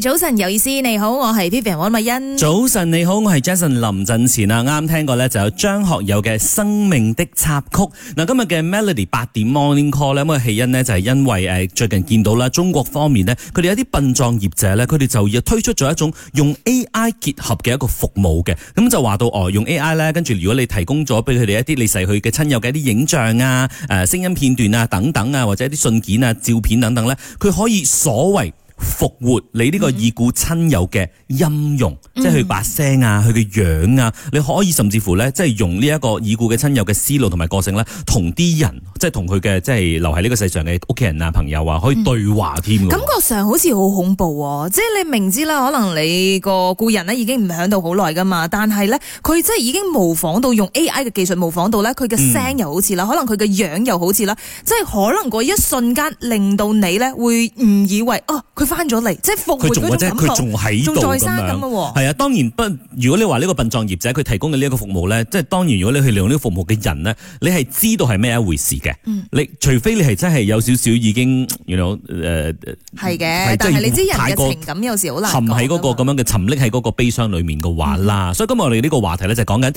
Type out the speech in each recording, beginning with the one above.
早晨，有意思，你好，我係 Vivian 王麗欣。早晨，你好，我係 Jason 林振前啊！啱啱聽過咧，就有張學友嘅《生命的插曲》。嗱，今日嘅 Melody 八點 Morning Call 咧，咁嘅起因咧就係因為誒，最近見到啦，中國方面咧，佢哋有啲殯葬業者咧，佢哋就要推出咗一種用 AI 結合嘅一個服務嘅，咁就話到哦，用 AI 咧，跟住如果你提供咗俾佢哋一啲你逝去嘅親友嘅一啲影像啊、誒、呃、聲音片段啊等等啊，或者一啲信件啊、照片等等咧，佢可以所謂。復活你呢個已故親友嘅音容，嗯、即係佢把聲啊，佢嘅、嗯、樣啊，嗯、你可以甚至乎咧，即係用呢一個已故嘅親友嘅思路同埋個性咧，同啲人，即係同佢嘅，即係留喺呢個世上嘅屋企人啊、朋友啊，可以對話添。嗯、感覺上好似好恐怖，即係你明知啦，可能你個故人呢已經唔響度好耐噶嘛，但係咧，佢即係已經模仿到用 AI 嘅技術模仿到咧，佢嘅聲又好似啦，可能佢嘅樣又好似啦，即係可能嗰一瞬間令到你咧會誤以為，哦，佢。翻咗嚟，即係復活嗰種感覺。佢仲喺度咁啊，係啊。當然不，如果你話呢個殯葬業者佢提供嘅呢一個服務咧，即係當然，如果你去利用呢個服務嘅人咧，你係知道係咩一回事嘅。嗯、你除非你係真係有少少已經，原來誒係嘅。但係你知過人嘅情感有時好難沉喺嗰個咁樣嘅，沉溺喺嗰個悲傷裏面嘅話啦。嗯、所以今日我哋呢個話題咧就講緊，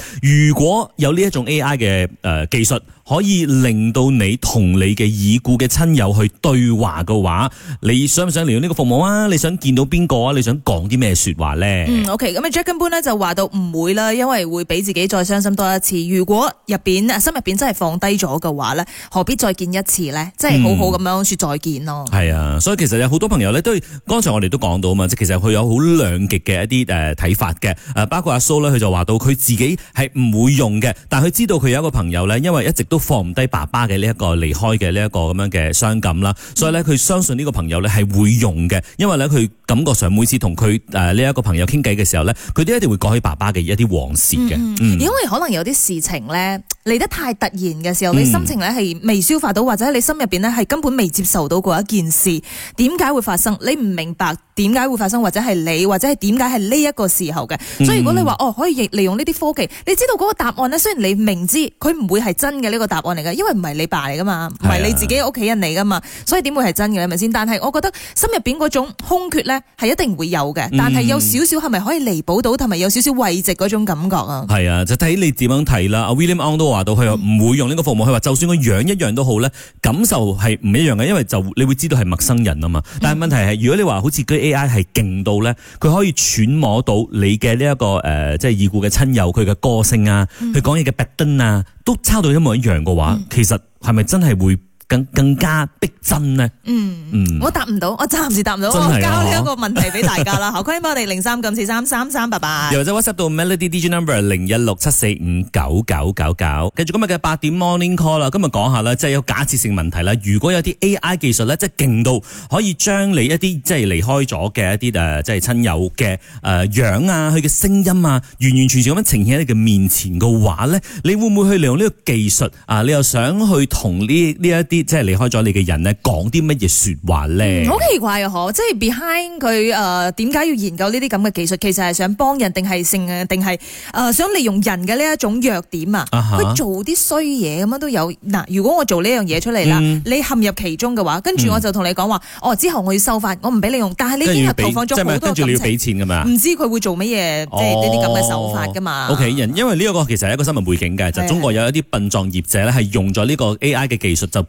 如果有呢一種 A I 嘅誒技術可以令到你同你嘅已故嘅親友去對話嘅話，你想唔想嚟到呢個服務啊？你想見到邊個啊？你想講啲咩說話咧？嗯，OK，咁啊，Jack and Boo 就話到唔會啦，因為會俾自己再傷心多一次。如果入邊心入邊真係放低咗嘅話咧，何必再見一次咧？即係好好咁樣說再見咯。係、嗯、啊，所以其實有好多朋友咧，都係剛才我哋都講到啊嘛，即其實佢有好兩極嘅一啲誒睇法嘅。誒包括阿蘇咧，佢就話到佢自己係唔會用嘅，但係佢知道佢有一個朋友咧，因為一直都。放唔低爸爸嘅呢一個離開嘅呢一個咁樣嘅傷感啦，所以咧佢相信呢個朋友咧係會用嘅，因為咧佢。感覺上每次同佢誒呢一個朋友傾偈嘅時候咧，佢都一定會講起爸爸嘅一啲往事嘅。嗯嗯、因為可能有啲事情咧嚟得太突然嘅時候，嗯、你心情咧係未消化到，或者你心入邊咧係根本未接受到嗰一件事，點解會發生？你唔明白點解會發生，或者係你，或者係點解係呢一個時候嘅。所以如果你話、嗯、哦，可以利用呢啲科技，你知道嗰個答案咧，雖然你明知佢唔會係真嘅呢、呢個答案嚟嘅，因為唔係你爸嚟噶嘛，唔係你自己屋企人嚟噶嘛，的所以點會係真嘅咧？係咪先？但係我覺得心入邊嗰種空缺咧。係一定會有嘅，但係有少少係咪可以彌補到，同埋有少少慰藉嗰種感覺啊？係、嗯、啊，就睇你點樣睇啦。阿 William On 都話到，佢唔會用呢個服務。佢話、嗯、就算佢樣一樣都好咧，感受係唔一樣嘅，因為就你會知道係陌生人啊嘛。但係問題係，嗯、如果你話好似啲 AI 係勁到咧，佢可以揣摩到你嘅呢一個誒、呃，即係已故嘅親友佢嘅個性啊，佢講嘢嘅 pattern 啊，n，都抄到一模一樣嘅話，嗯、其實係咪真係會？更更加逼真咧？嗯嗯，嗯我答唔到，我暫時答唔到。我交一個問題俾大家啦， 何歡迎我哋零三咁四三三三，八八。又或者 WhatsApp 到 Melody DJ Number 零一六七四五九九九九。繼續今日嘅八點 Morning Call 啦，今日講下啦，即係有假設性問題啦。如果有啲 AI 技術咧，即係勁到可以將你一啲即係離開咗嘅一啲誒，即係親友嘅誒樣啊，佢嘅聲音啊，完完全全咁樣呈現喺你嘅面前嘅話咧，你會唔會去利用呢個技術啊？你又想去同呢呢一啲？即係離開咗你嘅人咧，講啲乜嘢説話咧？好奇怪啊！嗬，即係 behind 佢誒點解要研究呢啲咁嘅技術？其實係想幫人，定係性？定係誒想利用人嘅呢一種弱點啊哈？去做啲衰嘢咁樣都有。嗱，如果我做呢樣嘢出嚟啦，嗯、你陷入其中嘅話，跟住我就同你講話，嗯、哦，之後我要收返，我唔俾你用。但係你今日投放咗好多感、嗯、你要俾錢嘛？唔知佢會做乜嘢？即係呢啲咁嘅手法噶嘛？O K，人因為呢一個其實係一個新聞背景嘅，嗯、就中國有一啲殯葬業者咧，係用咗呢個 A I 嘅技術就。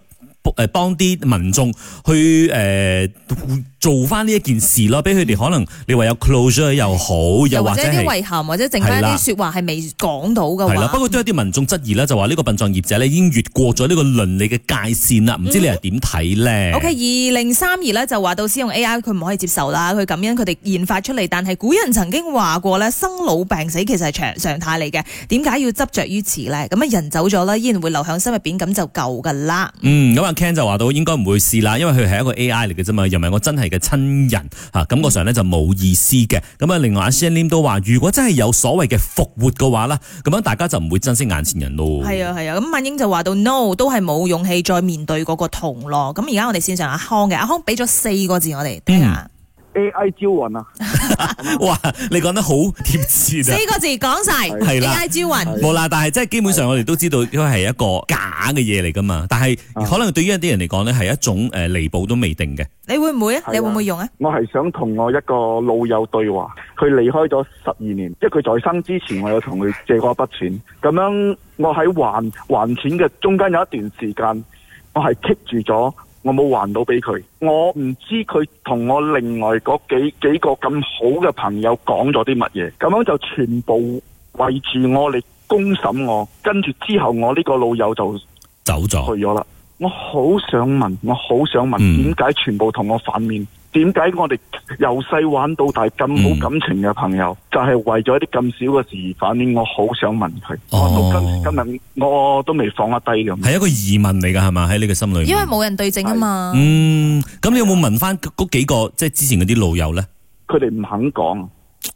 誒，幫啲民眾去誒。呃做翻呢一件事咯，俾佢哋可能你話有 closure 又好，又或者啲遺憾或者剩翻啲説話係未講到嘅話。啦嗯、不過都有啲民眾質疑咧，就話呢個笨狀業者已經越過咗呢個倫理嘅界線啦。唔知你係點睇呢？o k 二零三二咧就話到使用 AI 佢唔可以接受啦，佢咁樣佢哋研發出嚟，但係古人曾經話過呢：「生老病死其實係常常態嚟嘅，點解要執着於此呢？」咁啊人走咗呢，依然會留向心入邊，咁就夠噶啦。嗯，咁、啊、阿 Ken 就話到應該唔會試啦，因為佢係一個 AI 嚟嘅啫嘛，又唔係我真係嘅親人吓，感覺上咧就冇意思嘅。咁啊，另外阿 Sean 都話，如果真係有所謂嘅復活嘅話咧，咁樣大家就唔會珍惜眼前人咯。係啊，係啊，咁阿、啊、英就話到，no 都係冇勇氣再面對嗰個痛咯。咁而家我哋線上阿康嘅阿、啊、康俾咗四個字，我哋聽下。嗯 AI 招魂啊！ 哇，你講得好貼切、啊，四個字講晒，AI 招魂，冇啦 但係即係基本上我哋都知道，呢個係一個假嘅嘢嚟㗎嘛。但係、嗯、可能對於一啲人嚟講咧，係一種誒彌補都未定嘅。你會唔會啊？啊你會唔會用啊？我係想同我一個老友對話，佢離開咗十二年，即係佢在生之前，我有同佢借過一筆錢。咁 樣我喺還還錢嘅中間有一段時間，我係 keep 住咗。我冇還到俾佢，我唔知佢同我另外嗰幾幾個咁好嘅朋友講咗啲乜嘢？咁樣就全部圍住我嚟公審我，跟住之後我呢個老友就走咗了，去咗啦。我好想問，我好想問，點解全部同我反面？嗯點解我哋由細玩到大咁冇感情嘅朋友，嗯、就係為咗一啲咁少嘅事反而反面？我好想問佢，我、哦、今今日我都未放得低咁。係一個疑問嚟噶，係嘛？喺你嘅心裏，因為冇人對證啊嘛。的嗯，咁你有冇問翻嗰幾個即係之前嗰啲老友咧？佢哋唔肯講。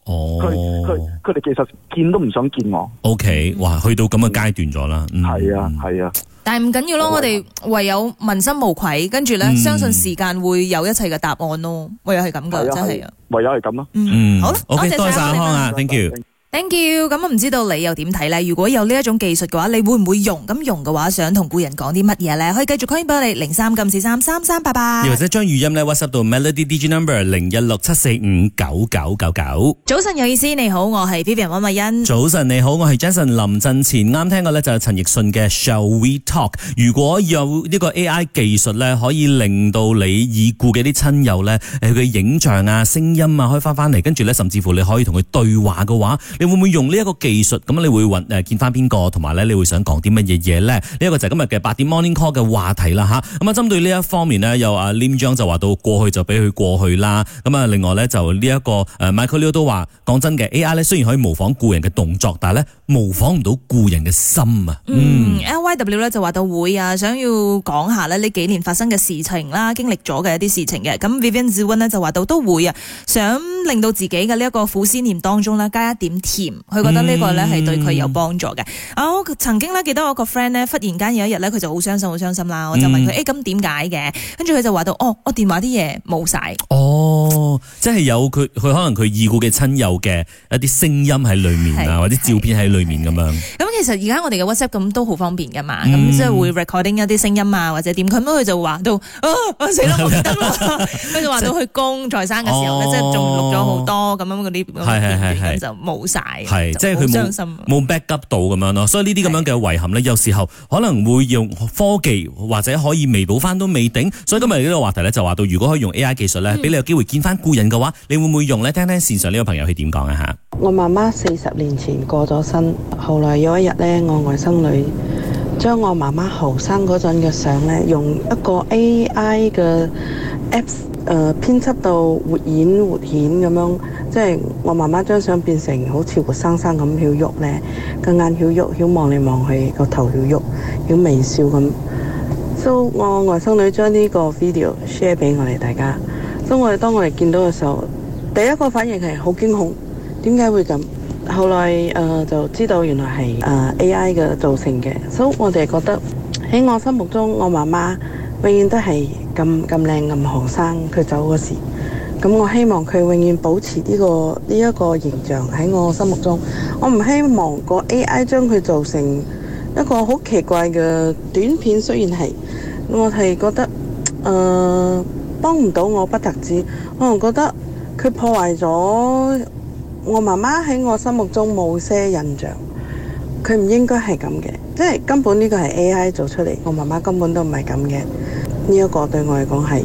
哦，佢佢佢哋其實見都唔想見我。O、okay, K，哇，去到咁嘅階段咗啦。係啊、嗯，係啊。但係唔緊要咯，吧我哋唯有問心無愧，跟住咧相信時間會有一切嘅答案咯。唯有係咁噶，的真係啊，唯有係咁咯。嗯，好啦，OK，多謝晒多謝 阿康啊，thank you。thank you，咁唔知道你又點睇咧？如果有呢一種技術嘅話，你會唔會用？咁用嘅話，想同故人講啲乜嘢咧？可以繼續 call 我哋零三九四三三三八八，又或者將語音咧 WhatsApp 到 melody DJ number 零一六七四五九九九九。早晨有意思，你好，我係 Vivian 溫慧欣。早晨你好，我係 Jason 林振前。啱聽過咧就係陳奕迅嘅《Shall We Talk》。如果有呢個 AI 技術咧，可以令到你已故嘅啲親友咧，誒佢嘅影像啊、聲音啊開翻翻嚟，跟住咧甚至乎你可以同佢對話嘅話。你會唔會用呢一個技術？咁你會運誒、呃、見翻邊個？同埋咧，你會想講啲乜嘢嘢咧？呢、這、一個就今日嘅八點 morning call 嘅話題啦，吓咁啊，針對呢一方面咧，有阿、啊、Lim 黏章就話到過去就俾佢過去啦。咁啊，另外咧就呢、這、一個誒、啊、，Michael、Liu、都話講真嘅，A.I. 咧雖然可以模仿故人嘅動作，但係咧模仿唔到故人嘅心啊。嗯，LYW 咧就話到會啊，想要講下呢幾年發生嘅事情啦，經歷咗嘅一啲事情嘅。咁 Vivian Zvon 咧就話到都會啊，想令到自己嘅呢一個苦思念當中呢加一點甜，佢覺得呢個咧係對佢有幫助嘅。啊，嗯，我曾經咧記得我個 friend 咧，忽然間有一日咧，佢就好傷心，好傷心啦。我就問佢，誒，咁點解嘅？跟住佢就話到，哦，我電話啲嘢冇晒。哦。哦，即係有佢，佢可能佢已故嘅親友嘅一啲聲音喺裏面啊，或者照片喺裏面咁樣。咁其實而家我哋嘅 WhatsApp 咁都好方便噶嘛，咁即係會 recording 一啲聲音啊或者點，咁佢就話到啊，死啦唔得啦，佢就話到去公在生嘅時候咧，即係仲錄咗好多咁樣，嗰啲片段就冇晒。即係冇冇 backup 到咁樣咯，所以呢啲咁樣嘅遺憾咧，有時候可能會用科技或者可以彌補翻都未定，所以今日呢個話題咧就話到，如果可以用 AI 技術咧，俾你有機會見。翻故人嘅話，你會唔會用咧？聽聽線上呢個朋友係點講啊？吓，我媽媽四十年前過咗身，後來有一日咧，我外甥女將我媽媽後生嗰陣嘅相咧，用一個 AI 嘅 apps 誒編輯到活演活顯咁樣，即係我媽媽將相變成好似活生生咁曉喐咧，個眼曉喐，曉望你望佢個頭曉喐，曉微笑咁。So，我外甥女將呢個 video share 俾我哋大家。當我哋當我哋見到嘅時候，第一個反應係好驚恐，點解會咁？後來誒，就知道原來係誒 AI 嘅造成嘅，所以我哋覺得喺我心目中，我媽媽永遠都係咁咁靚咁後生，佢走嗰時，咁我希望佢永遠保持呢個呢一個形象喺我心目中。我唔希望個 AI 將佢做成一個好奇怪嘅短片。雖然係我係覺得誒。幫唔到我不特止，我仲覺得佢破壞咗我媽媽喺我心目中某些印象。佢唔應該係咁嘅，即係根本呢個係 A I 做出嚟，我媽媽根本都唔係咁嘅。呢一個對我嚟講係。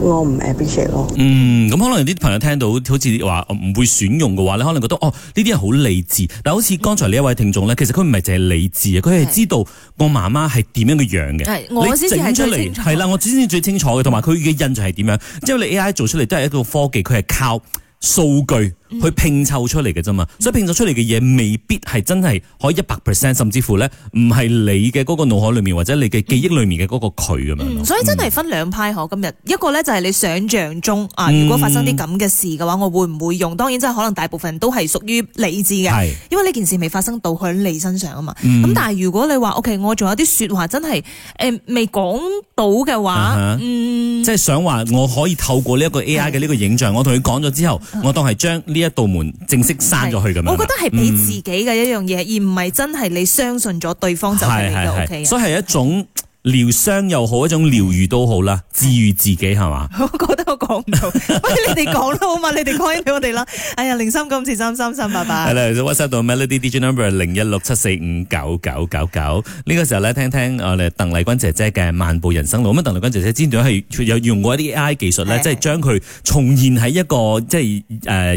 我唔 ambitious 咯。嗯，咁可能有啲朋友聽到好似話唔會選用嘅話咧，你可能覺得哦呢啲係好理智。但係好似剛才呢一位聽眾咧，嗯、其實佢唔係淨係理智啊，佢係知道我媽媽係點樣嘅樣嘅。係是，你整出嚟我先至係清楚。係啦，我先至最清楚嘅。同埋佢嘅印象係點樣？即係你 A I 做出嚟都係一個科技，佢係靠數據。去拼湊出嚟嘅啫嘛，所以拼湊出嚟嘅嘢未必係真係可以一百 percent，甚至乎咧唔係你嘅嗰個腦海裏面或者你嘅記憶裏面嘅嗰個佢咁樣。所以真係分兩派嗬，今日一個咧就係你想象中啊，如果發生啲咁嘅事嘅話，我會唔會用？當然即係可能大部分都係屬於理智嘅，因為呢件事未發生到喺你身上啊嘛。咁但係如果你話，OK，我仲有啲說話真係誒未講到嘅話，即係想話我可以透過呢一個 AI 嘅呢個影像，我同佢講咗之後，我當係將。呢一道門正式閂咗去咁樣，我覺得係俾自己嘅一樣嘢，嗯、而唔係真係你相信咗對方就喺呢度 OK，所以係一種。療傷又好，一種療愈都好啦，治愈自己係嘛？我覺得我講唔到，喂，你哋講啦，好嘛？你哋講一啲俾我哋啦。哎呀，零三九五四三三三八八，拜拜。係啦 ，WhatsApp 到 Melody DJ Number 零一六七四五九九九九。呢個時候咧，聽聽我哋鄧麗君姐姐嘅《漫步人生路》。咁啊，鄧麗君姐姐之前仲係佢有用過一啲 AI 技術咧，即係將佢重現喺一個即係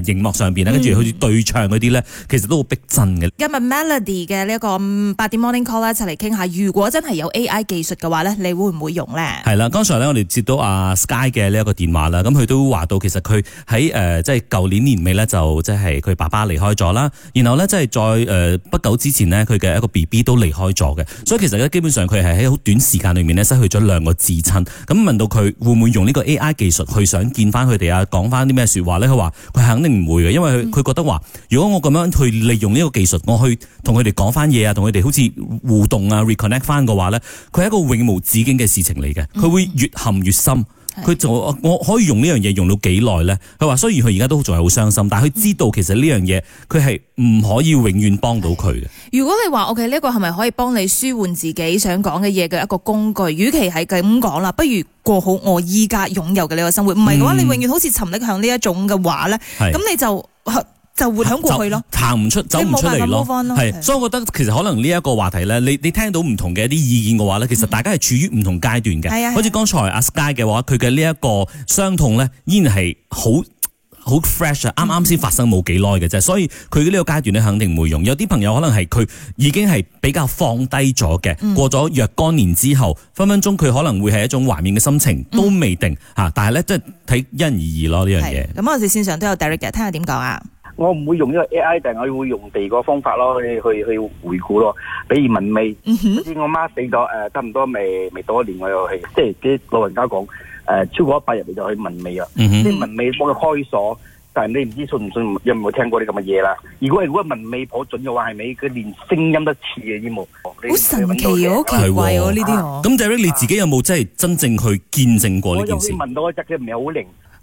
誒熒幕上邊啦，跟住好似對唱嗰啲咧，其實都好逼真嘅。嗯、今日 Melody 嘅呢一個八點 Morning Call 咧，一齊嚟傾下。如果真係有 AI 技術嘅話咧，你會唔會用咧？係啦，剛才咧我哋接到阿 Sky 嘅呢一個電話啦，咁佢都話到其實佢喺誒即係舊年年尾咧就即係佢爸爸離開咗啦，然後咧即係再誒不久之前呢，佢嘅一個 BB 都離開咗嘅，所以其實咧基本上佢係喺好短時間裏面咧失去咗兩個至親。咁問到佢會唔會用呢個 AI 技術去想見翻佢哋啊，講翻啲咩説話咧？佢話佢肯定唔會嘅，因為佢佢、嗯、覺得話如果我咁樣去利用呢個技術，我去同佢哋講翻嘢啊，同佢哋好似互動啊，reconnect 翻嘅話咧，佢係一個。永無止境嘅事情嚟嘅，佢會越陷越深。佢就我可以用，用呢樣嘢用到幾耐咧？佢話雖然佢而家都仲係好傷心，但係佢知道其實呢樣嘢佢係唔可以永遠幫到佢嘅。如果你話我嘅呢個係咪可以幫你舒緩自己想講嘅嘢嘅一個工具？與其係咁講啦，不如過好我依家擁有嘅呢個生活。唔係嘅話，嗯、你永遠好似沉溺響呢一種嘅話咧，咁你就就活響過去咯，行唔出，走唔出嚟咯，係。所以我覺得其實可能呢一個話題咧，你你聽到唔同嘅一啲意見嘅話咧，其實大家係處於唔同階段嘅，係啊、嗯，好似剛才阿 Sky 嘅話，佢嘅呢一個傷痛咧，依然係好好 fresh，啱啱先發生冇幾耐嘅啫，嗯、所以佢呢個階段咧肯定唔會用。有啲朋友可能係佢已經係比較放低咗嘅，嗯、過咗若干年之後，分分鐘佢可能會係一種懷念嘅心情都未定吓，嗯、但係咧即係睇因人而異咯呢樣嘢。咁我哋線上都有 Direct 嘅，聽下點講啊。我唔會用呢個 AI，但我會用第二個方法咯，去去去回顧咯。比如聞味，好似、mm hmm. 我媽死咗，誒、呃，差唔多未未到一年我又去，即係啲老人家講誒、呃，超過一百日你就去聞味啊。啲、mm hmm. 聞味幫佢開鎖，但係你唔知信唔信，有冇聽過呢咁嘅嘢啦？如果如果聞味頗準嘅話，係咪佢連聲音都似嘅呢？冇好神奇喎、啊，奇，奇怪喎呢啲喎。咁就 direct 你自己有冇真係真正去見證過呢件事？我有聞到一隻，佢唔係好靈。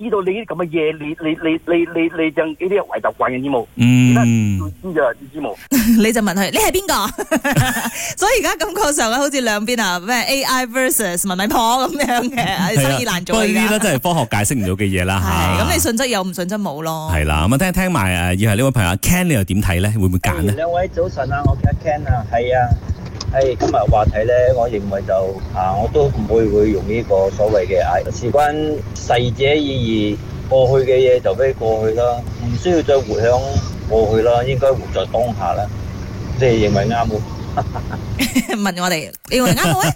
知道你啲咁嘅嘢，你你你你你你正呢啲係壞習慣嘅呢幕，嗯，呢隻呢幕你就問佢，你係邊個？所以而家感覺上咧，好似兩邊啊，咩 A I versus 問米婆咁樣嘅生意難做啊！呢啲咧真係科學解釋唔到嘅嘢啦，吓，咁你信則有，唔信則冇咯。係啦，咁啊聽聽埋誒，以下呢位朋友 Ken 你又點睇咧？會唔會揀咧？兩位早晨啊，我叫 Ken 啊，係啊。誒，hey, 今日話題呢，我認為就啊，我都唔會會用呢個所謂嘅誒，事關逝者已矣，過去嘅嘢就俾過去啦，唔需要再回想過去啦，應該活在當下啦，即係認為啱嘅。 問我哋，你話啱唔啱？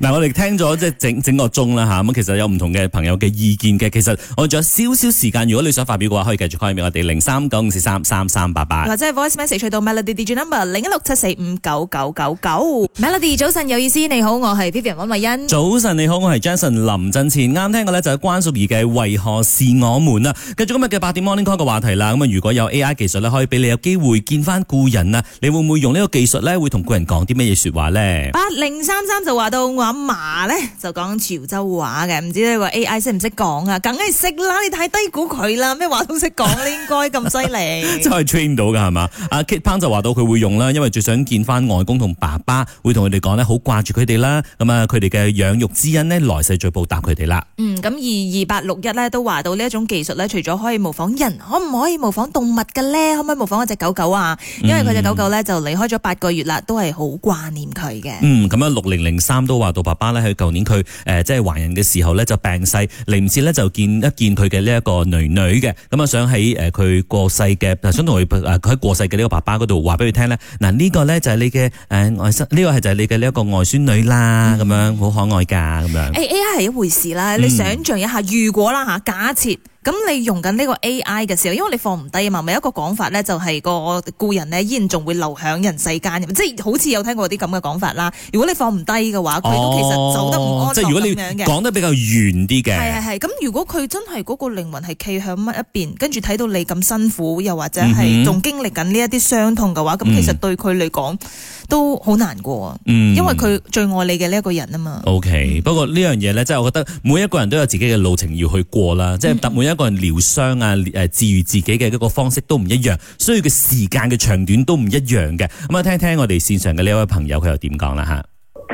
嗱， 我哋聽咗即係整整個鐘啦吓咁，其實有唔同嘅朋友嘅意見嘅。其實我仲有少少時間，如果你想發表嘅話，可以繼續開俾我哋零三九五四三三三八八，或者 voice message 去到 Melody Digi number 零一六七四五九九九九。Melody 早晨有意思，你好，我係 Vivian 温慧欣。早晨你好，我係 Jason 林振前。啱聽嘅咧就係關淑怡嘅《為何是我們》啊。繼續今日嘅八點 Morning Call 個話題啦。咁啊，如果有 AI 技術咧，可以俾你有機會見翻故人啊。你會唔會用呢個技術咧？咧會同故人講啲乜嘢説話咧？八零三三就話到我阿嫲咧就講潮州話嘅，唔知你話 AI 識唔識講啊？梗係識啦！你太低估佢啦，咩話都識講， 應該咁犀利。真係 train 到㗎係嘛？阿 Kit Pan 就話到佢會用啦，因為最想見翻外公同爸爸，會同佢哋講咧好掛住佢哋啦。咁啊，佢哋嘅養育之恩呢，來世再報答佢哋啦。嗯，咁二二八六一咧都話到呢一種技術咧，除咗可以模仿人，可唔可以模仿動物嘅咧？可唔可以模仿一隻狗狗啊？因為佢隻狗狗咧就離開咗八個月。啦，都係好掛念佢嘅。嗯，咁樣六零零三都話，到爸爸咧喺舊年佢誒，即、呃、係、就是、懷孕嘅時候咧就病逝，臨漸咧就見一見佢嘅呢一個女女嘅。咁啊，想喺誒佢過世嘅，想同佢喺過世嘅呢個爸爸嗰度話俾佢聽咧。嗱、呃，呢、這個咧就係你嘅誒外甥，呢、呃這個係就係你嘅呢一個外孫女啦，咁、嗯、樣好可愛噶咁樣。欸、A I 係一回事啦，你想象一下，嗯、如果啦吓，假設。咁你用緊呢個 AI 嘅時候，因為你放唔低啊嘛，咪有一個講法咧，就係個故人咧依然仲會留響人世間，即係好似有聽過啲咁嘅講法啦。如果你放唔低嘅話，佢、哦、都其實走得唔安。即係如果你講樣得比較遠啲嘅，係係係。咁如果佢真係嗰個靈魂係企響乜一邊，跟住睇到你咁辛苦，又或者係仲經歷緊呢一啲傷痛嘅話，咁、嗯、哼其實對佢嚟講。嗯都好難過，啊、嗯，因為佢最愛你嘅呢一個人啊嘛。O Okay , K，嗯、不過呢樣嘢呢，即係我覺得每一個人都有自己嘅路程要去過啦，即係、嗯、每一個人療傷啊，誒，治愈自己嘅一個方式都唔一樣，所以佢時間嘅長短都唔一樣嘅。咁啊，聽聽我哋線上嘅呢一位朋友佢又點講啦吓？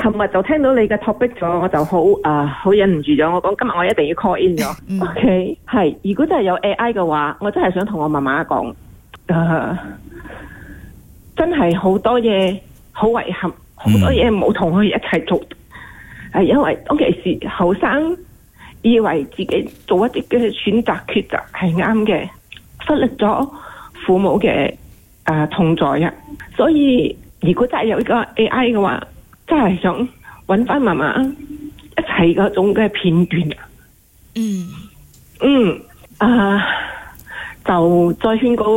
琴日就聽到你嘅 topic 咗、uh, 我就好啊，好忍唔住咗，我講今日我一定要 call in 咗。O K，係如果真係有 A I 嘅話，我真係想同我媽媽講，uh, 真係好多嘢。好遺憾，好多嘢冇同佢一齊做，係、嗯、因為當其時後生以為自己做一啲嘅選擇抉擇係啱嘅，忽略咗父母嘅啊存在。所以如果真係有呢個 AI 嘅話，真係想揾翻媽媽一齊嗰種嘅片段。嗯嗯啊、呃，就再勸告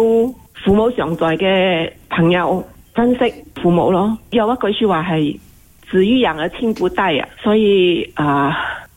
父母常在嘅朋友。珍惜父母咯，有一句說話係“子欲養而親不待”啊，所以啊，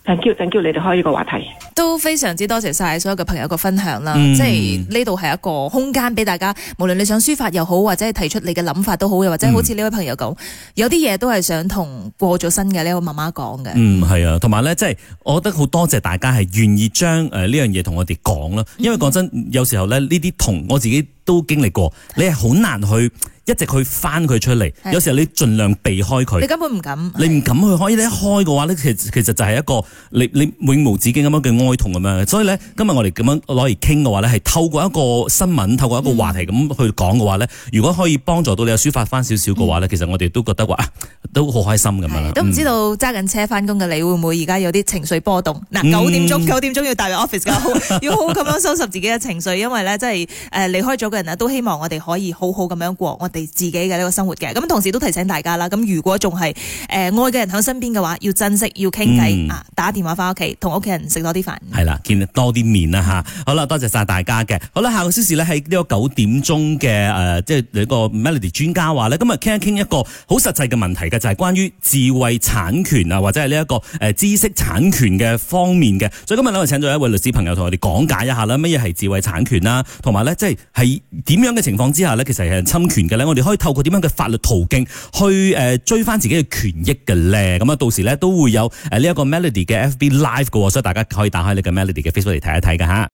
多謝、呃、多謝，多謝多謝，你哋開呢個話題都非常之多謝晒所有嘅朋友嘅分享啦，嗯、即係呢度係一個空間俾大家，無論你想抒發又好，或者係提出你嘅諗法都好，又或者好似呢位朋友講，有啲嘢都係想同過咗身嘅呢位媽媽講嘅。嗯，係、嗯、啊，同埋咧，即係我覺得好多謝大家係願意將誒呢樣嘢同我哋講啦，因為講真，嗯、有時候咧呢啲同我自己。都經歷過，你係好難去一直去翻佢出嚟。的有時候你盡量避開佢，你根本唔敢，你唔敢去可以咧。一開嘅話咧，其實其實就係一個你你永無止境咁樣嘅哀痛咁樣嘅。所以咧，今日我哋咁樣攞嚟傾嘅話咧，係透過一個新聞，透過一個話題咁去講嘅話咧，如果可以幫助到你抒發翻少少嘅話咧，的其實我哋都覺得話、啊、都好開心咁樣。都唔知道揸緊車翻工嘅你會唔會而家有啲情緒波動嗱，九點鐘九點鐘要帶入 office 嘅、嗯，要好咁 樣收拾自己嘅情緒，因為咧真係誒離開咗。個人都希望我哋可以好好咁樣過我哋自己嘅呢個生活嘅。咁同時都提醒大家啦，咁如果仲係誒愛嘅人喺身邊嘅話，要珍惜，要傾偈，嗯、打電話翻屋企，同屋企人食多啲飯。係啦，見多啲面啦吓、啊。好啦，多謝晒大家嘅。好啦，下個小時咧係呢個九點鐘嘅誒，即係呢個 Melody 專家話咧，今日傾一傾一個好實際嘅問題嘅，就係、是、關於智慧產權啊，或者係呢一個誒知識產權嘅方面嘅。所以今日咧，我請咗一位律師朋友同我哋講解一下啦，乜嘢係智慧產權啦，同埋咧即係係。點樣嘅情況之下咧，其實係侵權嘅咧，我哋可以透過點樣嘅法律途徑去誒追翻自己嘅權益嘅咧。咁啊，到時咧都會有誒呢一個 Melody 嘅 FB Live 噶，所以大家可以打開你嘅 Melody 嘅 Facebook 嚟睇一睇噶吓。